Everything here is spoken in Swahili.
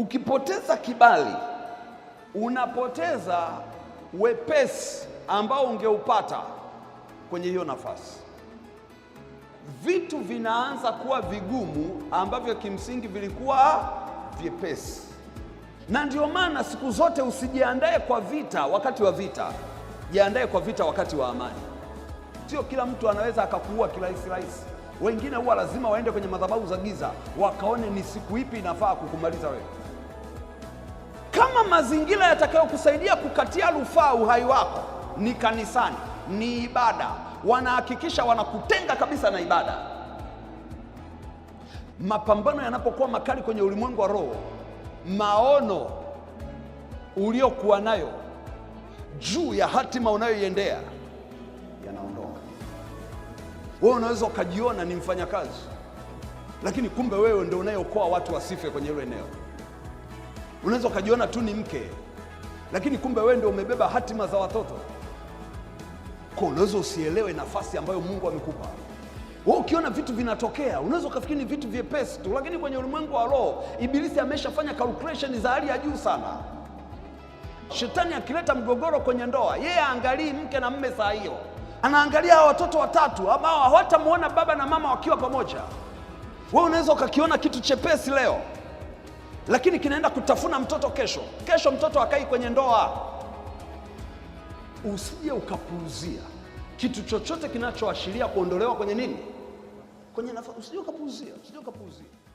Ukipoteza kibali unapoteza wepesi ambao ungeupata kwenye hiyo nafasi. Vitu vinaanza kuwa vigumu ambavyo kimsingi vilikuwa vyepesi. Na ndio maana siku zote usijiandae kwa vita wakati wa vita, jiandae kwa vita wakati wa amani. Sio kila mtu anaweza akakuua kirahisi rahisi. Wengine huwa lazima waende kwenye madhabahu za giza wakaone ni siku ipi inafaa kukumaliza wewe kama mazingira yatakayokusaidia kukatia rufaa uhai wako ni kanisani, ni ibada, wanahakikisha wanakutenga kabisa na ibada. Mapambano yanapokuwa makali kwenye ulimwengu wa roho, maono uliokuwa nayo juu ya hatima unayoiendea yanaondoka. Wewe unaweza ukajiona ni mfanyakazi, lakini kumbe wewe ndio unayeokoa watu wasife kwenye hilo eneo. Unaweza ukajiona tu ni mke, lakini kumbe wewe ndio umebeba hatima za watoto. Kwa unaweza usielewe nafasi ambayo Mungu amekupa wewe. Ukiona vitu vinatokea, unaweza ukafikiri ni vitu vyepesi tu, lakini kwenye ulimwengu wa roho ibilisi ameshafanya calculation za hali ya juu sana. Shetani akileta mgogoro kwenye ndoa, yeye aangalii mke na mme saa hiyo, anaangalia hawa watoto watatu ambao hawatamwona baba na mama wakiwa pamoja. Wewe unaweza ukakiona kitu chepesi leo lakini kinaenda kutafuna mtoto kesho. Kesho mtoto akai kwenye ndoa. Usije ukapuuzia kitu chochote kinachoashiria kuondolewa kwenye nini, kwenye nafasi. Usije ukapuuzia, usije ukapuuzia.